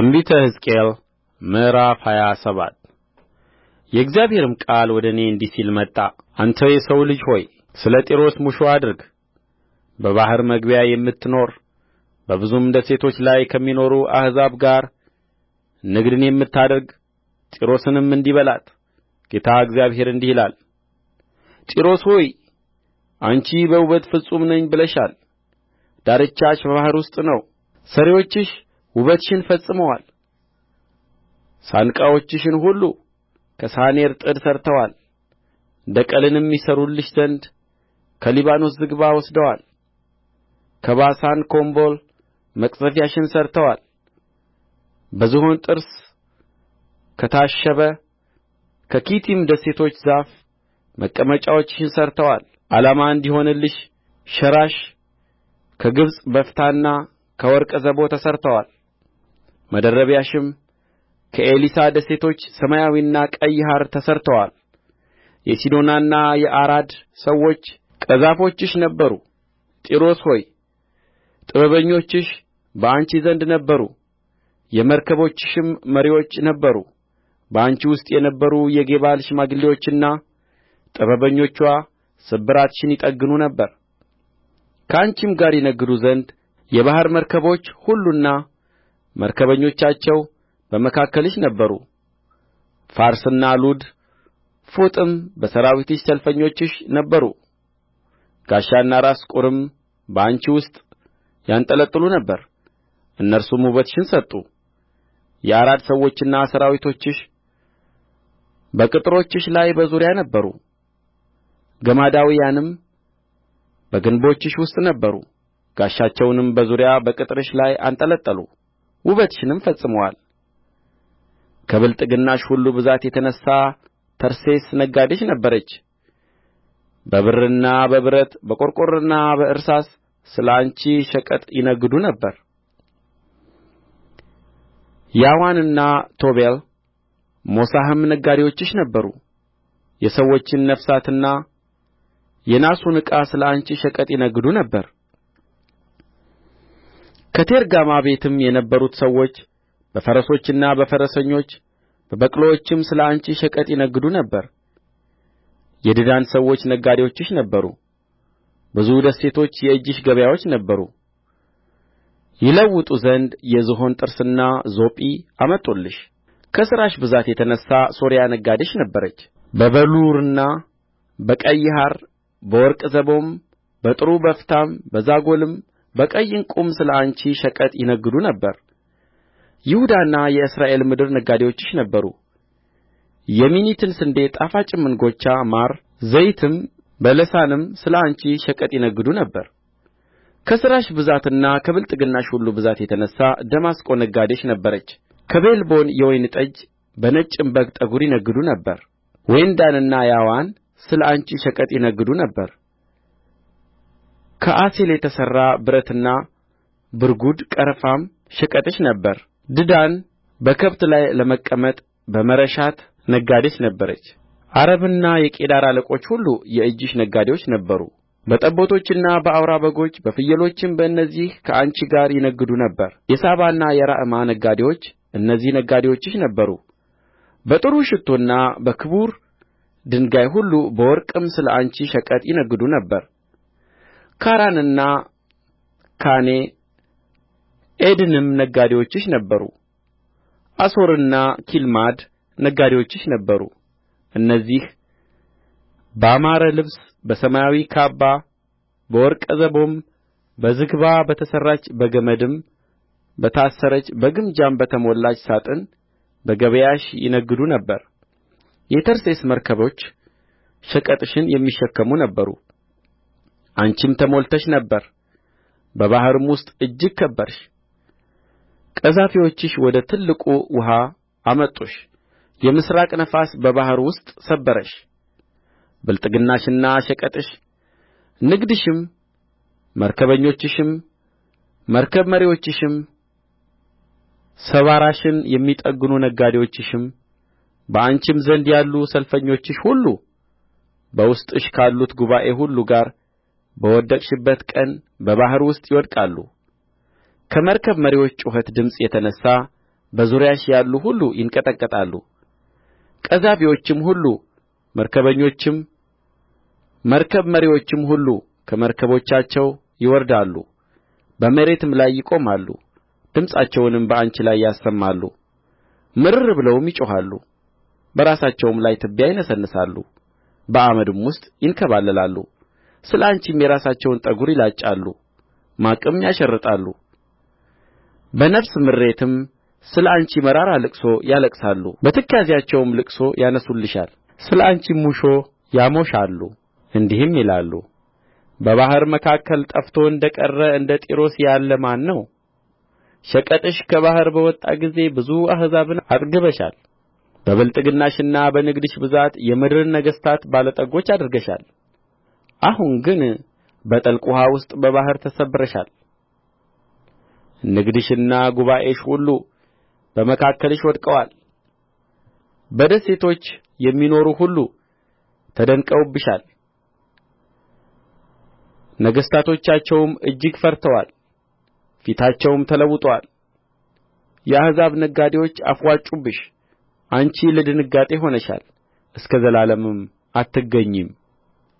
ትንቢተ ሕዝቅኤል ምዕራፍ ሃያ ሰባት የእግዚአብሔርም ቃል ወደ እኔ እንዲህ ሲል መጣ አንተ የሰው ልጅ ሆይ ስለ ጢሮስ ሙሾ አድርግ በባሕር መግቢያ የምትኖር በብዙም ደሴቶች ላይ ከሚኖሩ አሕዛብ ጋር ንግድን የምታደርግ ጢሮስንም እንዲህ በላት ጌታ እግዚአብሔር እንዲህ ይላል ጢሮስ ሆይ አንቺ በውበት ፍጹም ነኝ ብለሻል ዳርቻሽ በባሕር ውስጥ ነው ሠሪዎችሽ ውበትሽን ፈጽመዋል ሳንቃዎችሽን ሁሉ ከሳኔር ጥድ ሠርተዋል ደቀልንም ይሠሩልሽ ዘንድ ከሊባኖስ ዝግባ ወስደዋል ከባሳን ኮምቦል መቅዘፊያሽን ሠርተዋል በዝሆን ጥርስ ከታሸበ ከኪቲም ደሴቶች ዛፍ መቀመጫዎችሽን ሠርተዋል ዓላማ እንዲሆንልሽ ሸራሽ ከግብጽ በፍታና ከወርቀ ዘቦ ተሠርቶአል መደረቢያሽም ከኤሊሳ ደሴቶች ሰማያዊና ቀይ ሐር ተሠርተዋል የሲዶናና የአራድ ሰዎች ቀዛፎችሽ ነበሩ ጢሮስ ሆይ ጥበበኞችሽ በአንቺ ዘንድ ነበሩ የመርከቦችሽም መሪዎች ነበሩ በአንቺ ውስጥ የነበሩ የጌባል ሽማግሌዎችና ጥበበኞችዋ ስብራትሽን ይጠግኑ ነበር ከአንቺም ጋር ይነግዱ ዘንድ የባሕር መርከቦች ሁሉና መርከበኞቻቸው በመካከልሽ ነበሩ ፋርስና ሉድ ፉጥም በሠራዊትሽ ሰልፈኞችሽ ነበሩ ጋሻና ራስ ቍርም በአንቺ ውስጥ ያንጠለጥሉ ነበር እነርሱም ውበትሽን ሰጡ የአራድ ሰዎችና ሠራዊቶችሽ በቅጥሮችሽ ላይ በዙሪያ ነበሩ ገማዳውያንም በግንቦችሽ ውስጥ ነበሩ ጋሻቸውንም በዙሪያ በቅጥርሽ ላይ አንጠለጠሉ ውበትሽንም ፈጽመዋል ከብልጥግናሽ ሁሉ ብዛት የተነሣ ተርሴስ ነጋዴሽ ነበረች በብርና በብረት በቈርቈሮና በእርሳስ ስለ አንቺ ሸቀጥ ይነግዱ ነበር ያዋንና ቶቤል ሞሳሕም ነጋዴዎችሽ ነበሩ የሰዎችን ነፍሳትና የናሱን ዕቃ ስለ አንቺ ሸቀጥ ይነግዱ ነበር ከቴርጋማ ቤትም የነበሩት ሰዎች በፈረሶችና በፈረሰኞች በበቅሎዎችም ስለ አንቺ ሸቀጥ ይነግዱ ነበር የድዳን ሰዎች ነጋዴዎችሽ ነበሩ ብዙ ደሴቶች የእጅሽ ገበያዎች ነበሩ ይለውጡ ዘንድ የዝሆን ጥርስና ዞጲ አመጡልሽ ከሥራሽ ብዛት የተነሣ ሶርያ ነጋዴሽ ነበረች በበሉርና በቀይ ሐር በወርቅ ዘቦም በጥሩ በፍታም በዛጐልም በቀይ ዕንቍም ስለ አንቺ ሸቀጥ ይነግዱ ነበር ይሁዳና የእስራኤል ምድር ነጋዴዎችሽ ነበሩ የሚኒትን ስንዴ ጣፋጭም እንጐቻ ማር ዘይትም በለሳንም ስለ አንቺ ሸቀጥ ይነግዱ ነበር ከሥራሽ ብዛትና ከብልጥግናሽ ሁሉ ብዛት የተነሣ ደማስቆ ነጋዴሽ ነበረች ከቤልቦን የወይን ጠጅ በነጭም በግ ጠጕር ይነግዱ ነበር ዌንዳንና ያዋን ስለ አንቺ ሸቀጥ ይነግዱ ነበር ከአሴል የተሠራ ብረትና ብርጉድ ቀረፋም ሸቀጥሽ ነበረ ድዳን በከብት ላይ ለመቀመጥ በመረሻት ነጋዴሽ ነበረች አረብና የቄዳር አለቆች ሁሉ የእጅሽ ነጋዴዎች ነበሩ በጠቦቶችና በአውራ በጎች በፍየሎችም በእነዚህ ከአንቺ ጋር ይነግዱ ነበር የሳባና የራዕማ ነጋዴዎች እነዚህ ነጋዴዎችሽ ነበሩ በጥሩ ሽቶና በክቡር ድንጋይ ሁሉ በወርቅም ስለ አንቺ ሸቀጥ ይነግዱ ነበር ካራንና ካኔ ዔድንም ነጋዴዎችሽ ነበሩ አሶርና ኪልማድ ነጋዴዎችሽ ነበሩ እነዚህ ባማረ ልብስ በሰማያዊ ካባ በወርቀ ዘቦም በዝግባ በተሠራች በገመድም በታሰረች በግምጃም በተሞላች ሳጥን በገበያሽ ይነግዱ ነበር የተርሴስ መርከቦች ሸቀጥሽን የሚሸከሙ ነበሩ አንቺም ተሞልተሽ ነበር በባሕርም ውስጥ እጅግ ከበርሽ ቀዛፊዎችሽ ወደ ትልቁ ውኃ አመጡሽ የምሥራቅ ነፋስ በባሕር ውስጥ ሰበረሽ ብልጥግናሽና ሸቀጥሽ ንግድሽም መርከበኞችሽም መርከብ መሪዎችሽም ሰባራሽን የሚጠግኑ ነጋዴዎችሽም በአንቺም ዘንድ ያሉ ሰልፈኞችሽ ሁሉ በውስጥሽ ካሉት ጉባኤ ሁሉ ጋር በወደቅሽበት ቀን በባሕር ውስጥ ይወድቃሉ ከመርከብ መሪዎች ጩኸት ድምፅ የተነሣ በዙሪያሽ ያሉ ሁሉ ይንቀጠቀጣሉ ቀዛፊዎችም ሁሉ መርከበኞችም መርከብ መሪዎችም ሁሉ ከመርከቦቻቸው ይወርዳሉ በመሬትም ላይ ይቆማሉ ድምፃቸውንም በአንቺ ላይ ያሰማሉ ምርር ብለውም ይጮኻሉ በራሳቸውም ላይ ትቢያ ይነሰንሳሉ በአመድም ውስጥ ይንከባለላሉ ስለ አንቺም የራሳቸውን ጠጕር ይላጫሉ ማቅም ያሸርጣሉ በነፍስ ምሬትም ስለ አንቺ መራራ ልቅሶ ያለቅሳሉ በትካዜያቸውም ልቅሶ ያነሡልሻል ስለ አንቺም ሙሾ ያሞሻሉ እንዲህም ይላሉ በባሕር መካከል ጠፍቶ እንደ ቀረ እንደ ጢሮስ ያለ ማን ነው ሸቀጥሽ ከባሕር በወጣ ጊዜ ብዙ አሕዛብን አጥግበሻል በብልጥግናሽና በንግድሽ ብዛት የምድርን ነገሥታት ባለጠጎች አድርገሻል አሁን ግን በጥልቅ ውኃ ውስጥ በባሕር ተሰብረሻል ንግድሽና ጉባኤሽ ሁሉ በመካከልሽ ወድቀዋል በደሴቶች የሚኖሩ ሁሉ ተደንቀውብሻል ነገሥታቶቻቸውም እጅግ ፈርተዋል ፊታቸውም ተለውጦአል የአሕዛብ ነጋዴዎች አፍዋጩብሽ አንቺ ለድንጋጤ ሆነሻል እስከ ዘላለምም አትገኚም